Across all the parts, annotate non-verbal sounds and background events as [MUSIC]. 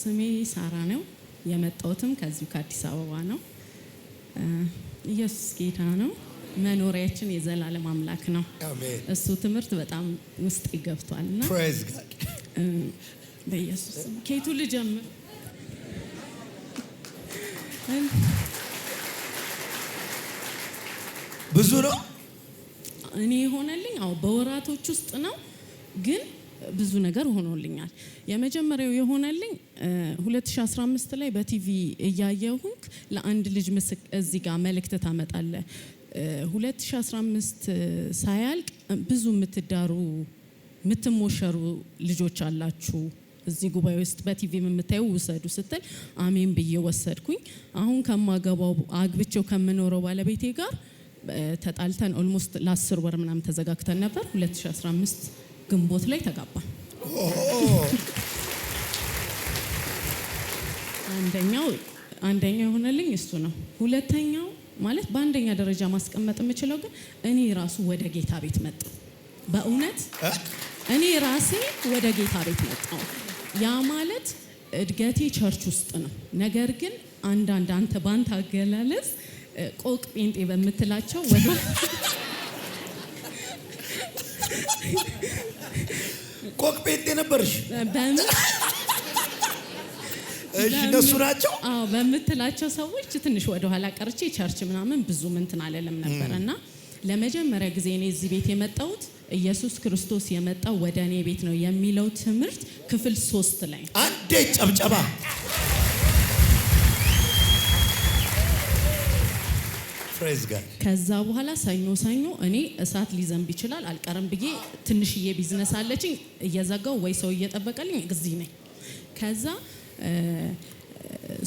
ስሜ ሳራ ነው። የመጣሁትም ከዚሁ ከአዲስ አበባ ነው። ኢየሱስ ጌታ ነው። መኖሪያችን የዘላለም አምላክ ነው። እሱ ትምህርት በጣም ውስጥ ይገብቷል እና በኢየሱስ ኬቱ ልጀምር። ብዙ ነው እኔ የሆነልኝ። አዎ በወራቶች ውስጥ ነው ግን ብዙ ነገር ሆኖልኛል። የመጀመሪያው የሆነልኝ 2015 ላይ በቲቪ እያየሁንክ ለአንድ ልጅ ምስክ እዚህ ጋር መልእክት ታመጣለ። 2015 ሳያልቅ ብዙ የምትዳሩ የምትሞሸሩ ልጆች አላችሁ እዚህ ጉባኤ ውስጥ በቲቪ የምታየው ውሰዱ ስትል አሜን ብዬ ወሰድኩኝ። አሁን ከማገባው አግብቼው ከምኖረው ባለቤቴ ጋር ተጣልተን ኦልሞስት ለአስር ወር ምናምን ተዘጋግተን ነበር 2015 ግንቦት ላይ ተጋባ አንደኛው አንደኛው የሆነልኝ እሱ ነው። ሁለተኛው ማለት በአንደኛ ደረጃ ማስቀመጥ የምችለው ግን እኔ ራሱ ወደ ጌታ ቤት መጣ። በእውነት እኔ ራሴ ወደ ጌታ ቤት መጣሁ። ያ ማለት እድገቴ ቸርች ውስጥ ነው። ነገር ግን አንዳንድ አንተ ባንተ አገላለጽ ቆቅ ጴንጤ በምትላቸው ወደ ቆቅ ጴንጤ ነበርሽ? እሺ እነሱ ናቸው። አዎ በምትላቸው ሰዎች ትንሽ ወደኋላ ቀርቼ ቸርች ምናምን ብዙ ምንትን አልልም ነበር እና ለመጀመሪያ ጊዜ እኔ እዚህ ቤት የመጣሁት ኢየሱስ ክርስቶስ የመጣው ወደ እኔ ቤት ነው የሚለው ትምህርት ክፍል ሶስት ላይ አንዴ ጨብጨባ ከዛ በኋላ ሰኞ ሰኞ እኔ እሳት ሊዘንብ ይችላል አልቀርም ብዬ ትንሽዬ ቢዝነስ አለችኝ እየዘጋው ወይ ሰው እየጠበቀልኝ እዚህ ነኝ። ከዛ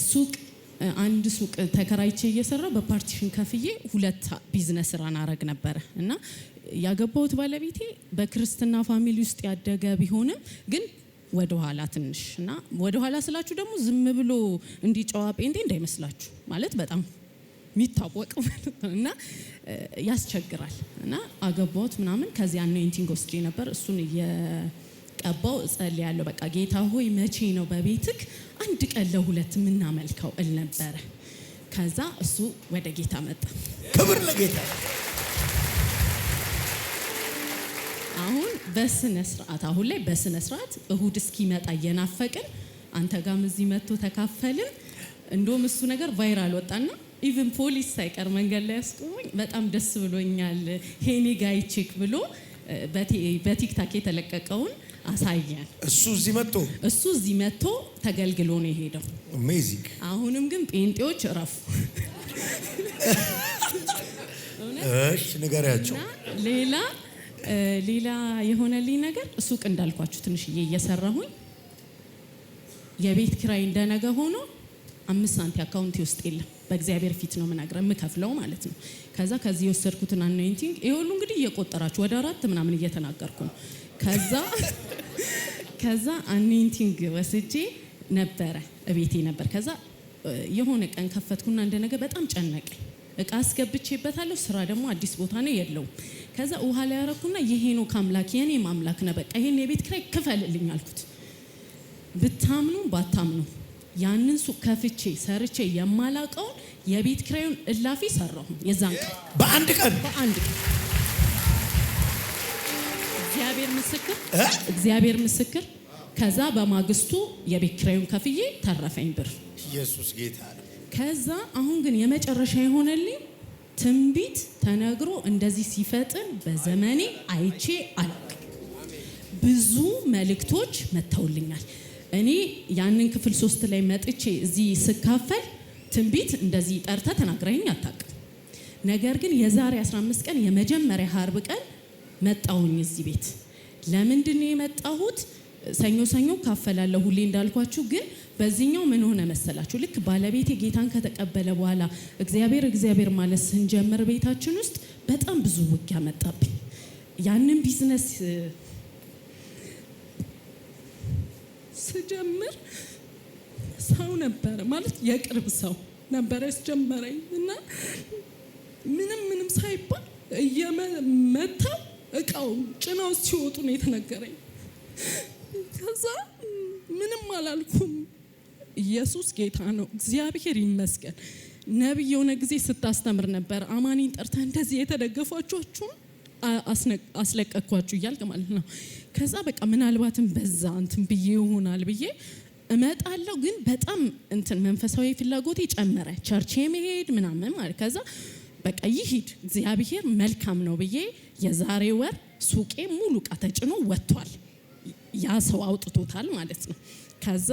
ሱቅ አንድ ሱቅ ተከራይቼ እየሰራው በፓርቲሽን ከፍዬ ሁለት ቢዝነስ ስራን አረግ ነበረ እና ያገባሁት ባለቤቴ በክርስትና ፋሚሊ ውስጥ ያደገ ቢሆንም ግን ወደኋላ ኋላ ትንሽ እና ወደ ስላችሁ ደግሞ ዝም ብሎ እንዲጨዋ ጴንጤ እንዳይመስላችሁ ማለት በጣም የሚታወቀው ነው። እና ያስቸግራል። እና አገባሁት ምናምን ከዚያ አኖይንቲንግ ወስጄ ነበር እሱን ቀባው እጸል ያለው በቃ ጌታ ሆይ መቼ ነው በቤትክ አንድ ቀን ለሁለት የምናመልከው እል ነበረ። ከዛ እሱ ወደ ጌታ መጣ። ክብር ለጌታ። አሁን በስነ ስርዓት አሁን ላይ በስነ ስርዓት እሁድ እስኪመጣ እየናፈቅን አንተ ጋም እዚህ መጥቶ ተካፈልን። እንደውም እሱ ነገር ቫይራል ወጣና ኢቨን ፖሊስ ሳይቀር መንገድ ላይ ያስቆሙኝ። በጣም ደስ ብሎኛል ሄኒ ቼክ ብሎ በቲክታክ የተለቀቀውን አሳያል። እሱ እዚህ መጥቶ እሱ እዚህ መጥቶ ተገልግሎ ነው የሄደው። አሜዚንግ። አሁንም ግን ጴንጤዎች እረፉ። እሺ ንገሪያቸው። ሌላ ሌላ የሆነልኝ ነገር ሱቅ እንዳልኳችሁ ትንሽዬ እየሰራሁኝ የቤት ኪራይ እንደነገ ሆኖ አምስት ሳንቲ አካውንቴ ውስጥ የለም። በእግዚአብሔር ፊት ነው ምናገር የምከፍለው ማለት ነው። ከዛ ከዚህ የወሰድኩትን አናይንቲንግ ይሄ ሁሉ እንግዲህ እየቆጠራችሁ ወደ አራት ምናምን እየተናገርኩ ነው። ከዛ [LAUGHS] ከዛ አናይንቲንግ ወስጄ ነበረ እቤቴ ነበር። ከዛ የሆነ ቀን ከፈትኩና እንደ ነገር በጣም ጨነቀኝ። እቃ አስገብቼበታለሁ። ስራ ደግሞ አዲስ ቦታ ነው የለውም። ከዛ ውሃ ላይ ያረኩና የሄኖክ ከአምላክ የኔ ማምላክ ነው፣ በቃ ይሄን የቤት ክራይ ክፈልልኝ አልኩት። ብታምኑ ባታምኑ ያንን ሱቅ ከፍቼ ሰርቼ የማላቀው የቤት ክራዩን እላፊ ሰራሁ። የዛን ቀን በአንድ ቀን በአንድ ቀን እግዚአብሔር ምስክር እግዚአብሔር ምስክር። ከዛ በማግስቱ የቤት ክራዩን ከፍዬ ተረፈኝ ብር። ኢየሱስ ጌታ ከዛ አሁን ግን የመጨረሻ የሆነልኝ ትንቢት ተነግሮ እንደዚህ ሲፈጥን በዘመኔ አይቼ አላውቅም። ብዙ መልእክቶች መጥተውልኛል። እኔ ያንን ክፍል ሶስት ላይ መጥቼ እዚህ ስካፈል ትንቢት እንደዚህ ጠርተ ተናግረኝ አታውቅም። ነገር ግን የዛሬ 15 ቀን የመጀመሪያ ሀርብ ቀን መጣሁኝ እዚህ ቤት። ለምንድን ነው የመጣሁት? ሰኞ ሰኞ ካፈላለሁ ሁሌ እንዳልኳችሁ። ግን በዚህኛው ምን ሆነ መሰላችሁ? ልክ ባለቤቴ ጌታን ከተቀበለ በኋላ እግዚአብሔር እግዚአብሔር ማለት ስንጀምር ቤታችን ውስጥ በጣም ብዙ ውጊያ መጣብኝ። ያንን ቢዝነስ ስጀምር ሰው ነበረ ማለት የቅርብ ሰው ነበረ ያስጀመረኝ እና ምንም ምንም ሳይባል እየመታ እቃው ጭነው ሲወጡ ነው የተነገረኝ። ከዛ ምንም አላልኩም። ኢየሱስ ጌታ ነው። እግዚአብሔር ይመስገን። ነቢይ የሆነ ጊዜ ስታስተምር ነበር። አማኒን ጠርታ እንደዚህ የተደገፏችኋችሁን አስለቀቅኳችሁ እያልቅ ማለት ነው። ከዛ በቃ ምናልባትም በዛ እንትን ብዬ ይሆናል ብዬ እመጣለሁ፣ ግን በጣም እንትን መንፈሳዊ ፍላጎቴ ጨመረ፣ ቸርች የመሄድ ምናምን ማለት ከዛ በቃ ይሂድ እግዚአብሔር መልካም ነው ብዬ የዛሬ ወር ሱቄ ሙሉ እቃ ተጭኖ ወጥቷል። ያ ሰው አውጥቶታል ማለት ነው። ከዛ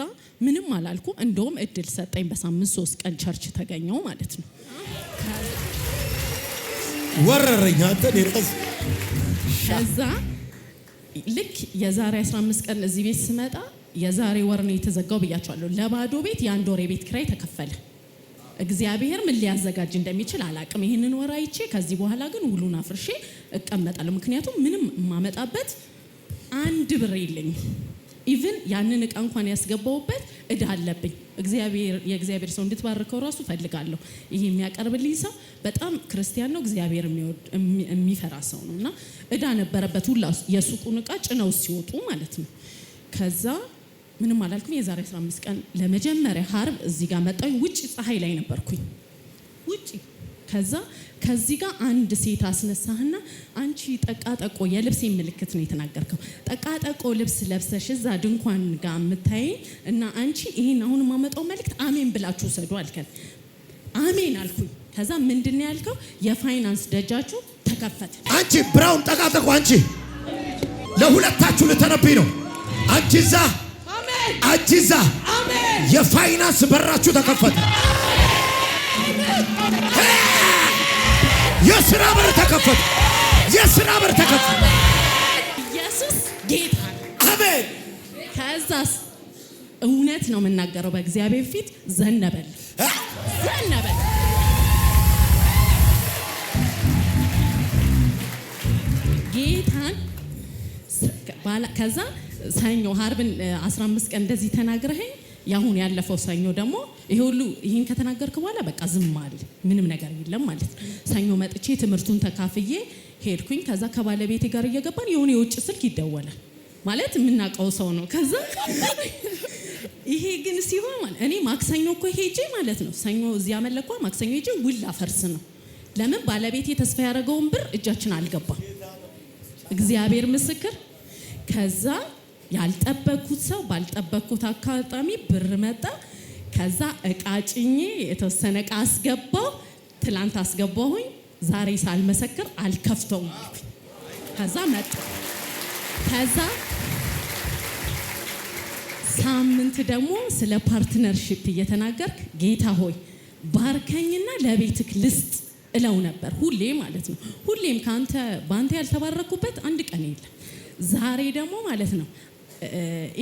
ምንም አላልኩ። እንደውም እድል ሰጠኝ። በሳምንት ሶስት ቀን ቸርች ተገኘው ማለት ነው። ወረረኝ። አንተ ቀስ ከዛ ልክ የዛሬ 15 ቀን እዚህ ቤት ስመጣ የዛሬ ወር ነው የተዘጋው ብያቸዋለሁ። ለባዶ ቤት የአንድ ወር የቤት ክራይ ተከፈለ። እግዚአብሔር ምን ሊያዘጋጅ እንደሚችል አላቅም። ይህንን ወር አይቼ ከዚህ በኋላ ግን ሁሉን አፍርሼ እቀመጣለሁ። ምክንያቱም ምንም የማመጣበት አንድ ብር የለኝ ኢቭን ያንን እቃ እንኳን ያስገባውበት እዳ አለብኝ። እግዚአብሔር የእግዚአብሔር ሰው እንድትባርከው ራሱ ፈልጋለሁ። ይህ የሚያቀርብልኝ ሰው በጣም ክርስቲያን ነው፣ እግዚአብሔር የሚፈራ ሰው ነው እና እዳ ነበረበት። ሁላ የሱቁን እቃ ጭነው ሲወጡ ማለት ነው። ከዛ ምንም አላልኩኝ። የዛሬ 15 ቀን ለመጀመሪያ ሀርብ እዚህ ጋር መጣሁ። ውጭ ፀሐይ ላይ ነበርኩኝ ውጭ ከዛ ከዚህ ጋር አንድ ሴት አስነሳህና አንቺ ጠቃጠቆ የልብሴ ምልክት ነው የተናገርከው። ጠቃጠቆ ልብስ ለብሰሽ እዛ ድንኳን ጋር የምታይ እና አንቺ ይህን አሁን ማመጣው መልእክት አሜን ብላችሁ ውሰዱ አልከን። አሜን አልኩኝ። ከዛ ምንድን ነው ያልከው? የፋይናንስ ደጃችሁ ተከፈተ። አንቺ ብራውን ጠቃጠቆ አንቺ ለሁለታችሁ ልተነብኝ ነው። አንቺ ዛ አንቺ ዛ የፋይናንስ በራችሁ ተከፈተ። የስራ በር ተከፈተ። የስራ በር ተከፈተ። ኢየሱስ ጌታ አሜን። ከዛስ እውነት ነው የምናገረው። በእግዚአብሔር ፊት ዘነበል ዘነበል። ጌታን ከዛ ሰኞ ሀርብን 15 ቀን እንደዚህ ተናግረኸኝ ያሁን ያለፈው ሰኞ ደግሞ ይሄ ሁሉ ይህን ከተናገርክ በኋላ በቃ ዝም አለ። ምንም ነገር የለም ማለት ነው። ሰኞ መጥቼ ትምህርቱን ተካፍዬ ሄድኩኝ። ከዛ ከባለቤቴ ጋር እየገባን የሆነ የውጭ ስልክ ይደወላል ማለት የምናውቀው ሰው ነው። ከዛ ይሄ ግን ሲሆን እኔ ማክሰኞ እኮ ሄጄ ማለት ነው ሰኞ እዚያ መለኳ ማክሰኞ ሄጄ ውል አፈርስ ነው። ለምን ባለቤቴ ተስፋ ያደረገውን ብር እጃችን አልገባም። እግዚአብሔር ምስክር ከዛ ያልጠበኩት ሰው ባልጠበኩት አጋጣሚ ብር መጣ። ከዛ እቃ ጭኜ የተወሰነ እቃ አስገባው። ትላንት አስገባሁኝ። ዛሬ ሳልመሰክር አልከፍተውም። ከዛ መጣ። ከዛ ሳምንት ደግሞ ስለ ፓርትነርሽፕ እየተናገርክ ጌታ ሆይ ባርከኝና ለቤትክ ልስጥ እለው ነበር ሁሌ ማለት ነው። ሁሌም ከአንተ በአንተ ያልተባረኩበት አንድ ቀን የለም። ዛሬ ደግሞ ማለት ነው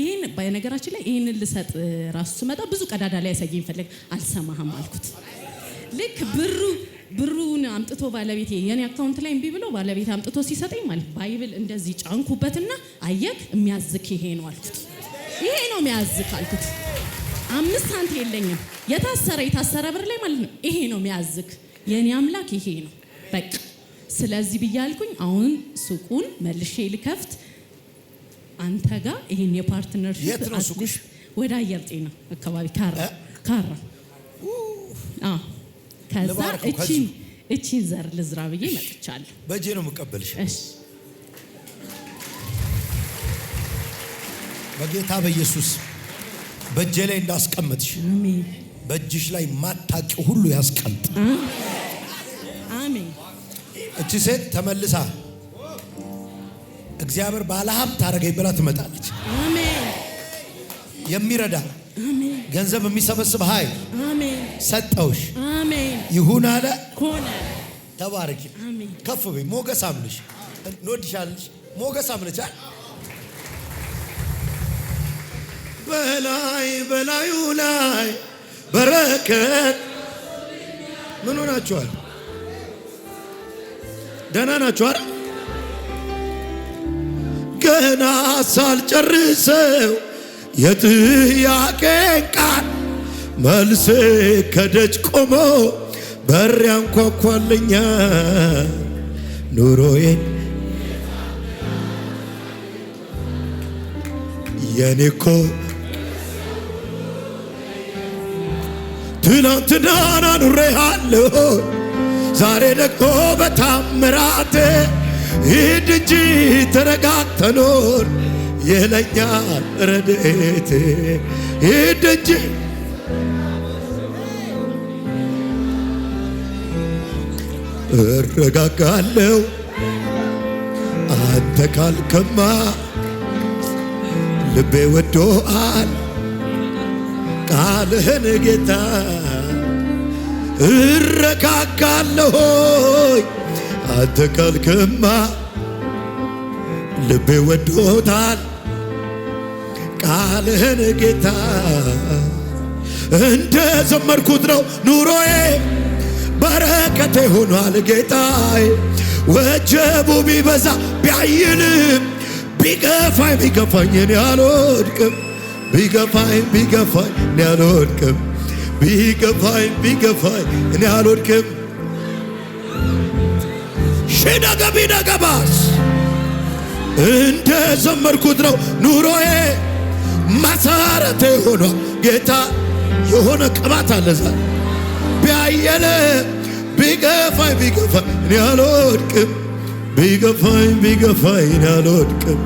ይህን በነገራችን ላይ ይህንን ልሰጥ ራሱ ስመጣ ብዙ ቀዳዳ ላይ ያሳየኝ ፈለግ አልሰማህም አልኩት። ልክ ብሩ ብሩን አምጥቶ ባለቤት የኔ አካውንት ላይ እምቢ ብሎ ባለቤት አምጥቶ ሲሰጠኝ ማለት ባይብል እንደዚህ ጫንኩበትና አየክ የሚያዝክ ይሄ ነው አልኩት። ይሄ ነው የሚያዝክ አልኩት። አምስት ሳንት የለኝም የታሰረ የታሰረ ብር ላይ ማለት ነው። ይሄ ነው የሚያዝክ የኔ አምላክ ይሄ ነው በቃ። ስለዚህ ብዬ አልኩኝ። አሁን ሱቁን መልሼ ልከፍት አንተ ጋር ይሄን የፓርትነርሽፕ የት ወደ አየር ጤና አካባቢ ካራ ካራ። ከዛ እቺን እቺን ዘር ልዝራ ብዬ መጥቻለሁ። በእጄ ነው የምቀበልሽ። በጌታ በኢየሱስ በእጄ ላይ እንዳስቀምጥሽ በእጅሽ ላይ ማታቂ ሁሉ ያስቀምጥ። አሜን። እቺ ሴት ተመልሳ እግዚአብሔር ባለ ሀብት አረገኝ ብላ ትመጣለች። የሚረዳ ገንዘብ የሚሰበስብ ኃይል ሰጠውሽ። ይሁን አለ። ተባረኪ፣ ከፍ በይ። ሞገስ አምልሽ፣ እንወድሻለሽ። ሞገስ አምልሽ በላይ በላዩ ላይ በረከት ምን ሆናችኋል? ደህና ናችኋል? ገና ሳልጨርሰው የጥያቄን ቃል መልሴ ከደጅ ቆሞ በር ያንኳኳልኛ ኑሮዬን የኔኮ ትናንትናና ኑሬሃለሁ ዛሬ ደግሞ በታምራቴ ሂድ እንጂ ተረጋግተ ኑር ይለኛል ረድኤቴ። ሂድ እንጂ እረጋጋለሁ አንተ ካልከማ ልቤ ወዶአል ቃልህን ጌታ አንተ ካልክማ ልቤ ወዶታል ቃልህን ጌታ እንደ ዘመርኩት ነው ኑሮዬ በረከቴ ሆኗል ጌታዬ ወጀቡ ቢበዛ ቢያይልም ቢገፋኝ ቢገፋኝ እኔ አልወድቅም ቢገፋኝ ቢገፋኝ እኔ አልወድቅም ቢገፋኝ ቢገፋኝ እኔ አልወድቅም ሽነገቢ ነገባስ እንደ ዘመርኩት ነው ኑሮዬ መሰረቴ የሆነ ጌታ የሆነ ቅባት አለዛ ቢያየለ ቢገፋኝ ቢገፋኝ እኔ አልወድቅም ቢገፋኝ ቢገፋኝ እኔ አልወድቅም